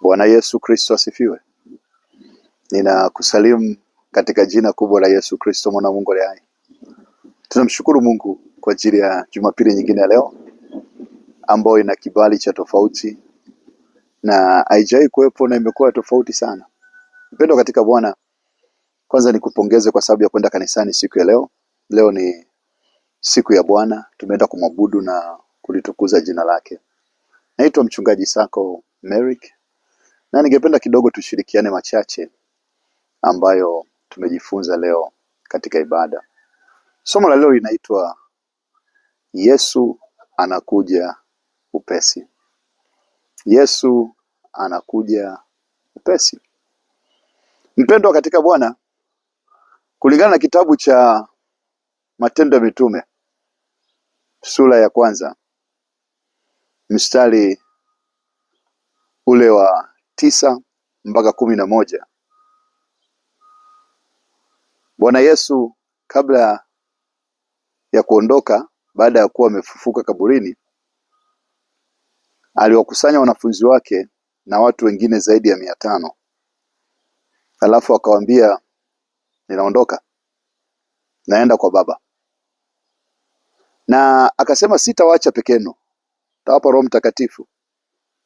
Bwana Yesu Kristo asifiwe. Ninakusalimu katika jina kubwa la Yesu Kristo mwana Mungu aliye hai. Tunamshukuru Mungu kwa ajili ya Jumapili nyingine ya leo ambayo ina kibali cha tofauti na haijai kuwepo na imekuwa tofauti sana. Mpendo katika Bwana, kwanza nikupongeze kwa sababu ya kwenda kanisani siku ya leo. Leo ni siku ya Bwana, tumeenda kumwabudu na kulitukuza jina lake. Naitwa mchungaji Sako Merrick na ningependa kidogo tushirikiane machache ambayo tumejifunza leo katika ibada. Somo la leo linaitwa Yesu anakuja upesi. Yesu anakuja upesi. Mpendwa katika Bwana, kulingana na kitabu cha Matendo ya Mitume sura ya kwanza mstari ule wa tisa mpaka kumi na moja. Bwana Yesu kabla ya kuondoka, baada ya kuwa amefufuka kaburini, aliwakusanya wanafunzi wake na watu wengine zaidi ya mia tano, alafu akawaambia, ninaondoka naenda kwa Baba, na akasema sitawaacha peke tawapa Roho Mtakatifu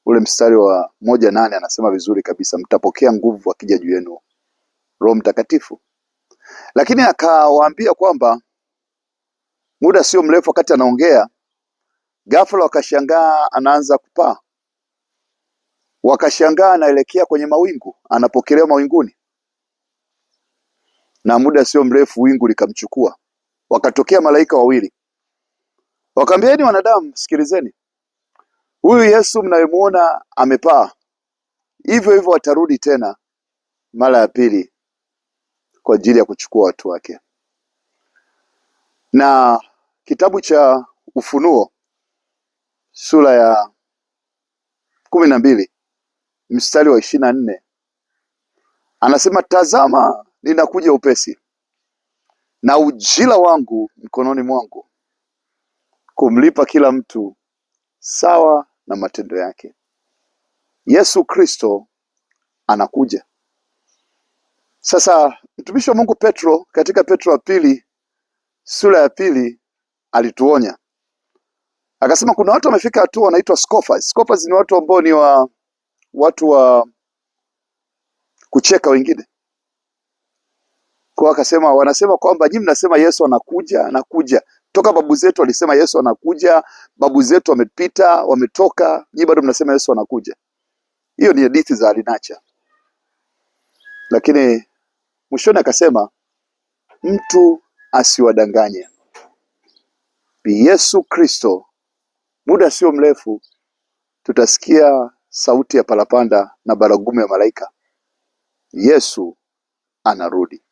ule mstari wa moja nane anasema vizuri kabisa, mtapokea nguvu akija juu yenu Roho Mtakatifu. Lakini akawaambia kwamba muda sio mrefu, wakati anaongea, ghafla wakashangaa anaanza kupaa, wakashangaa anaelekea kwenye mawingu, anapokelewa mawinguni, na muda sio mrefu wingu likamchukua. Wakatokea malaika wawili, wakaambieni wanadamu, sikilizeni Huyu Yesu mnayemwona amepaa, hivyo hivyo atarudi tena mara ya pili kwa ajili ya kuchukua watu wake. Na kitabu cha Ufunuo sura ya kumi na mbili mstari wa ishirini na nne anasema, tazama ninakuja upesi, na ujira wangu mkononi mwangu, kumlipa kila mtu sawa na matendo yake. Yesu Kristo anakuja. Sasa mtumishi wa Mungu Petro katika Petro wa pili sura ya pili alituonya akasema, kuna watu wamefika hatua wanaitwa scoffers. Scoffers ni watu ambao ni wa watu wa kucheka wengine kwa, akasema wanasema kwamba nyinyi mnasema Yesu anakuja anakuja, toka babu zetu walisema Yesu anakuja, babu zetu wamepita, wametoka, nyinyi bado mnasema Yesu anakuja. Hiyo ni hadithi za alinacha. Lakini mwishoni akasema mtu asiwadanganye. Yesu Kristo, muda sio mrefu tutasikia sauti ya parapanda na baragumu ya malaika. Yesu anarudi.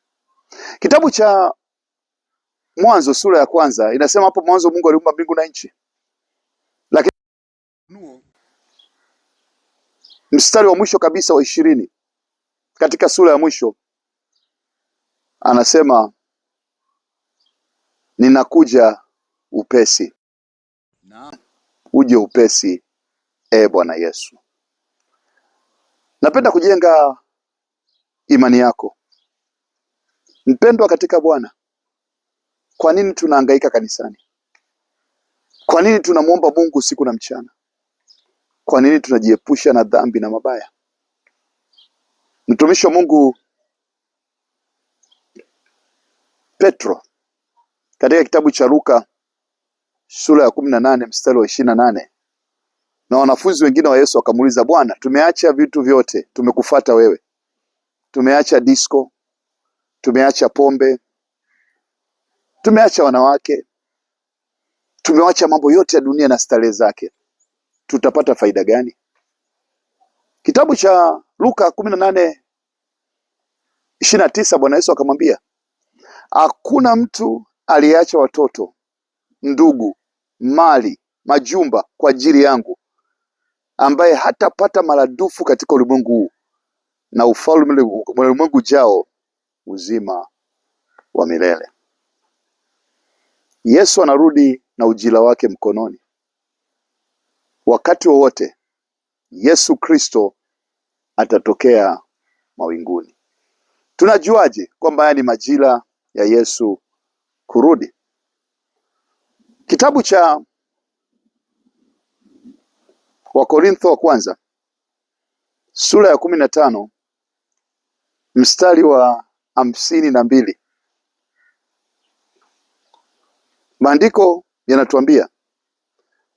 Kitabu cha Mwanzo sura ya kwanza inasema hapo mwanzo Mungu aliumba mbingu na nchi, lakini mstari wa mwisho kabisa wa ishirini katika sura ya mwisho anasema ninakuja upesi na uje upesi, e Bwana Yesu. Napenda kujenga imani yako mpendwa katika Bwana. Kwa nini tunahangaika kanisani? Kwa nini tunamwomba Mungu usiku na mchana? Kwa nini tunajiepusha na dhambi na mabaya? Mtumishi wa Mungu Petro katika kitabu cha Luka sura ya kumi na nane mstari wa ishirini na nane na wanafunzi wengine wa Yesu wakamuuliza, Bwana, tumeacha vitu vyote, tumekufata wewe. Tumeacha disco tumeacha pombe, Tumeacha wanawake, tumewacha mambo yote ya dunia na starehe zake, tutapata faida gani? Kitabu cha Luka kumi na nane ishirini na tisa Bwana Yesu akamwambia, hakuna mtu aliyeacha watoto, ndugu, mali, majumba kwa ajili yangu ambaye hatapata maradufu katika ulimwengu huu na ufalme wa ulimwengu ujao, uzima wa milele. Yesu anarudi na ujira wake mkononi. Wakati wowote wa Yesu Kristo atatokea mawinguni. Tunajuaje kwamba haya ni majira ya Yesu kurudi? Kitabu cha Wakorintho wa kwanza sura ya kumi na tano mstari wa hamsini na mbili Maandiko yanatuambia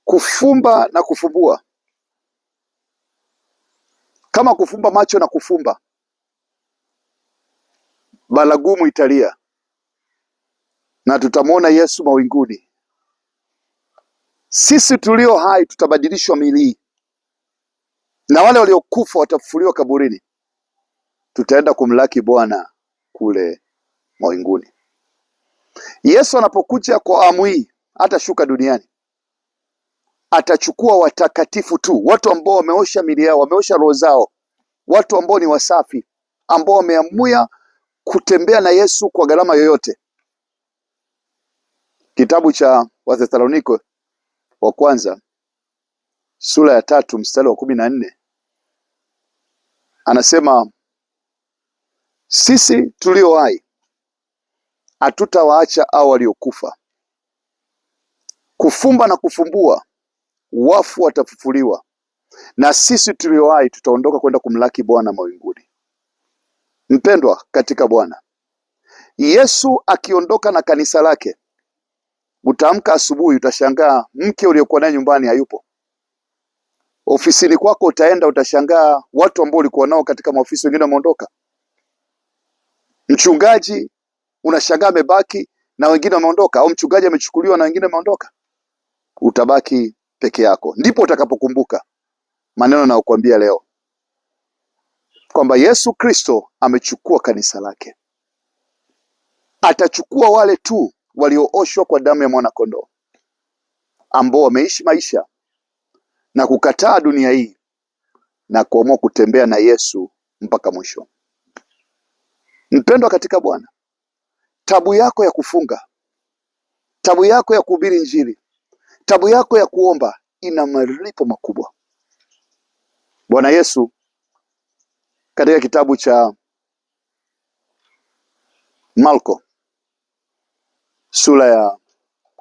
kufumba na kufumbua, kama kufumba macho na kufumba, baragumu italia na tutamwona Yesu mawinguni. Sisi tulio hai tutabadilishwa miili, na wale waliokufa watafufuliwa kaburini, tutaenda kumlaki Bwana kule mawinguni. Yesu anapokuja kwa amu hii shuka duniani, atachukua watakatifu tu, watu ambao wameosha mili yao, wameosha roho zao, watu ambao ni wasafi, ambao wameamua kutembea na Yesu kwa gharama yoyote. Kitabu cha Wathesalonike wa kwanza sura ya tatu mstari wa kumi na nne anasema sisi tulio hai hatutawaacha au waliokufa. Kufumba na kufumbua, wafu watafufuliwa, na sisi tuliowahi tutaondoka kwenda kumlaki Bwana mawinguni. Mpendwa katika Bwana, Yesu akiondoka na kanisa lake, utaamka asubuhi, utashangaa mke uliokuwa naye nyumbani hayupo. Ofisini kwako utaenda, utashangaa watu ambao ulikuwa nao katika maofisi wengine wameondoka. Mchungaji unashangaa amebaki na wengine wameondoka, au mchungaji amechukuliwa na wengine wameondoka. Utabaki peke yako, ndipo utakapokumbuka maneno nayokuambia leo kwamba Yesu Kristo amechukua kanisa lake. Atachukua wale tu waliooshwa kwa damu ya mwanakondoo, ambao wameishi maisha na kukataa dunia hii na kuamua kutembea na Yesu mpaka mwisho. Mpendwa katika Bwana, tabu yako ya kufunga, tabu yako ya kuhubiri Injili, tabu yako ya kuomba ina malipo makubwa. Bwana Yesu katika kitabu cha Marko sura ya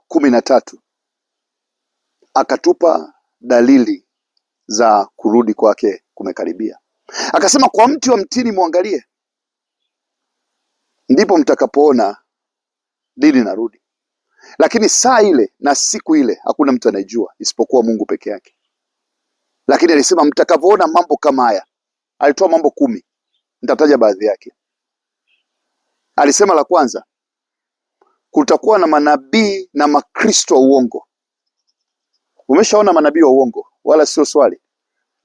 kumi na tatu akatupa dalili za kurudi kwake kumekaribia, akasema, kwa mti wa mtini mwangalie, ndipo mtakapoona dini narudi. Lakini saa ile na siku ile hakuna mtu anayejua isipokuwa Mungu peke yake. Lakini alisema mtakapoona mambo kama haya, alitoa mambo kumi, nitataja baadhi yake. Alisema la kwanza, kutakuwa na manabii na makristo wa uongo. Umeshaona manabii wa uongo? Wala sio swali.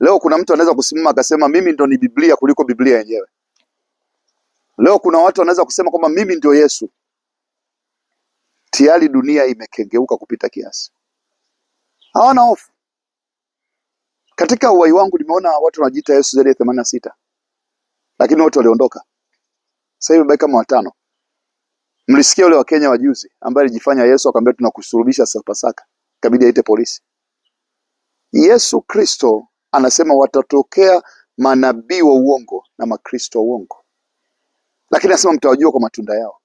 Leo kuna mtu anaweza kusimama akasema mimi ndo ni Biblia kuliko Biblia yenyewe. Leo kuna watu wanaweza kusema kwamba mimi ndio Yesu. Tayari dunia imekengeuka kupita kiasi, hawana hofu. Katika uwai wangu nimeona watu wanajiita Yesu zaidi ya themanini na sita, lakini wote waliondoka. Sasa hivi baki kama watano. Mlisikia yule wa Kenya wajuzi ambaye alijifanya Yesu akamwambia tunakusulubisha sasa Pasaka, ikabidi aite polisi. Yesu Kristo anasema watatokea manabii wa uongo na makristo wa uongo lakini anasema mtawajua kwa matunda yao.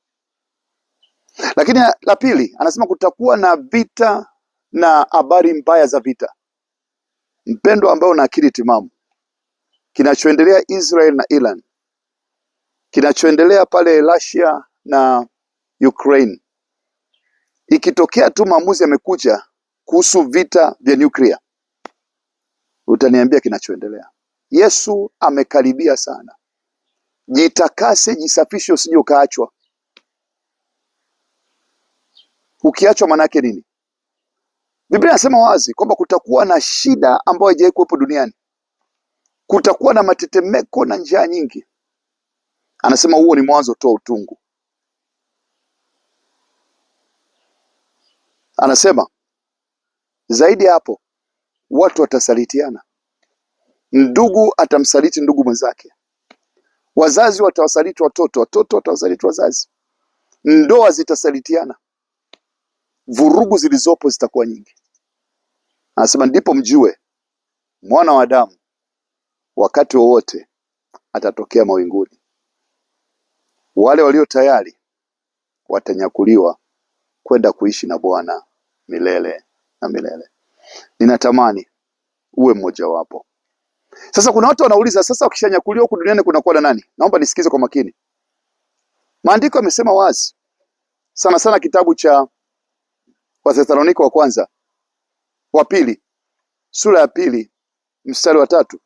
Lakini la pili anasema kutakuwa na vita na habari mbaya za vita. Mpendwa ambao una akili timamu, kinachoendelea Israel na Iran, kinachoendelea pale Russia na Ukraine, ikitokea tu maamuzi yamekuja kuhusu vita vya nuclear, utaniambia kinachoendelea. Yesu amekaribia sana. Jitakase, jisafishe, usije ukaachwa. Ukiachwa maana yake nini? Biblia inasema wazi kwamba kutakuwa na shida ambayo haijawahi kuwepo duniani, kutakuwa na matetemeko na njaa nyingi. Anasema huo ni mwanzo tu wa utungu. Anasema zaidi ya hapo, watu watasalitiana, ndugu atamsaliti ndugu mwenzake, Wazazi watawasaliti watoto, watoto watawasaliti wazazi, ndoa zitasalitiana, vurugu zilizopo zitakuwa nyingi. Anasema ndipo mjue mwana wa Adamu wakati wowote atatokea mawinguni, wale walio tayari watanyakuliwa kwenda kuishi na Bwana milele na milele. Ninatamani uwe mmojawapo. Sasa kuna watu wanauliza, sasa ukishanyakuliwa huku duniani kunakuwa na nani? Naomba nisikize kwa makini. Maandiko yamesema wazi sana sana, kitabu cha Wathesaloniko wa kwanza wa pili sura ya pili mstari wa tatu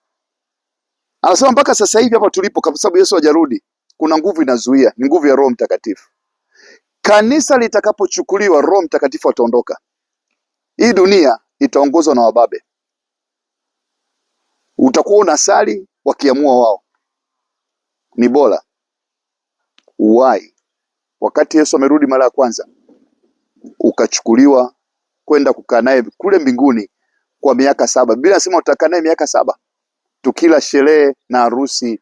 anasema mpaka sasa hivi hapa tulipo, kwa sababu Yesu hajarudi, kuna nguvu inazuia, ni nguvu ya Roho Mtakatifu. Kanisa litakapochukuliwa, Roho Mtakatifu ataondoka, hii dunia itaongozwa na wababe. Utakuwa unasali wakiamua wao, ni bora uwai. Wakati Yesu amerudi mara ya kwanza, ukachukuliwa kwenda kukaa naye kule mbinguni kwa miaka saba. Biblia inasema utakaa naye miaka saba, tukila sherehe na harusi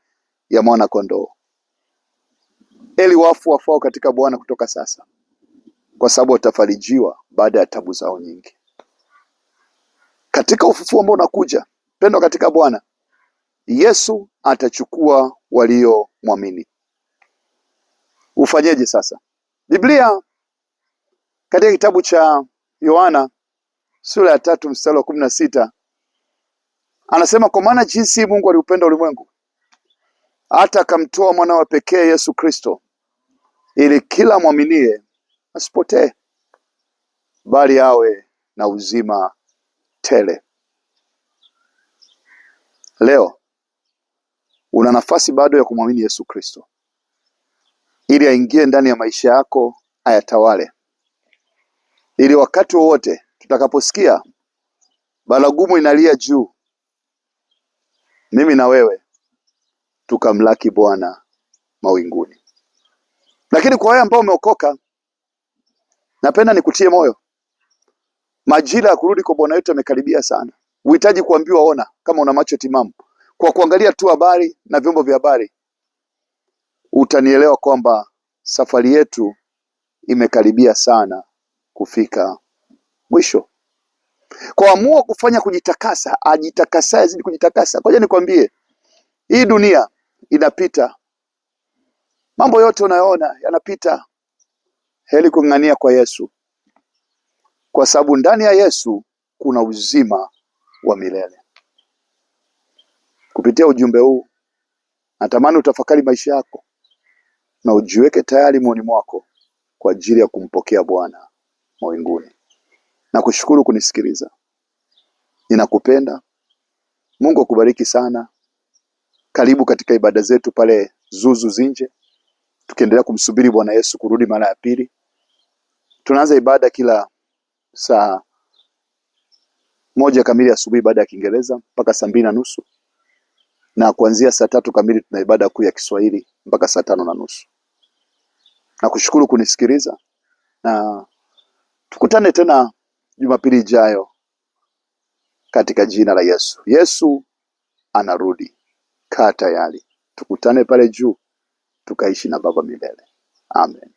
ya mwana kondoo. Eli wafu wafao katika Bwana kutoka sasa, kwa sababu watafarijiwa baada ya tabu zao nyingi, katika ufufuo ambao unakuja Pendwa katika Bwana, Yesu atachukua walio mwamini Ufanyeje sasa? Biblia katika kitabu cha Yohana sura ya tatu mstari wa kumi na sita anasema kwa maana jinsi Mungu aliupenda ulimwengu hata akamtoa mwana wa pekee Yesu Kristo, ili kila mwaminie asipotee, bali awe na uzima tele. Leo una nafasi bado ya kumwamini Yesu Kristo ili aingie ndani ya maisha yako ayatawale, ili wakati wowote tutakaposikia baragumu inalia juu, mimi na wewe tukamlaki Bwana mawinguni. Lakini kwa wewe ambao umeokoka, napenda nikutie moyo, majira ya kurudi kwa Bwana wetu yamekaribia sana. Uhitaji kuambiwa ona, kama una macho timamu, kwa kuangalia tu habari na vyombo vya habari utanielewa kwamba safari yetu imekaribia sana kufika mwisho. Kwa amua kufanya kujitakasa, ajitakasa azidi kujitakasa. Ngoja nikwambie, hii dunia inapita, mambo yote unayoona yanapita. Heri kung'ang'ania kwa Yesu, kwa sababu ndani ya Yesu kuna uzima wa milele. Kupitia ujumbe huu, natamani utafakari maisha yako na ujiweke tayari moyoni mwako kwa ajili ya kumpokea Bwana mawinguni. Nakushukuru kunisikiliza, ninakupenda. Mungu akubariki sana. Karibu katika ibada zetu pale Zuzu Zinje, tukiendelea kumsubiri Bwana Yesu kurudi mara ya pili. Tunaanza ibada kila saa moja kamili asubuhi baada ya Kiingereza mpaka saa mbili na nusu na kuanzia saa tatu kamili tuna ibada kuu ya Kiswahili mpaka saa tano na nusu. Nakushukuru kunisikiliza na tukutane tena Jumapili ijayo katika jina la Yesu. Yesu anarudi, kaa tayari, tukutane pale juu tukaishi na Baba milele. Amen.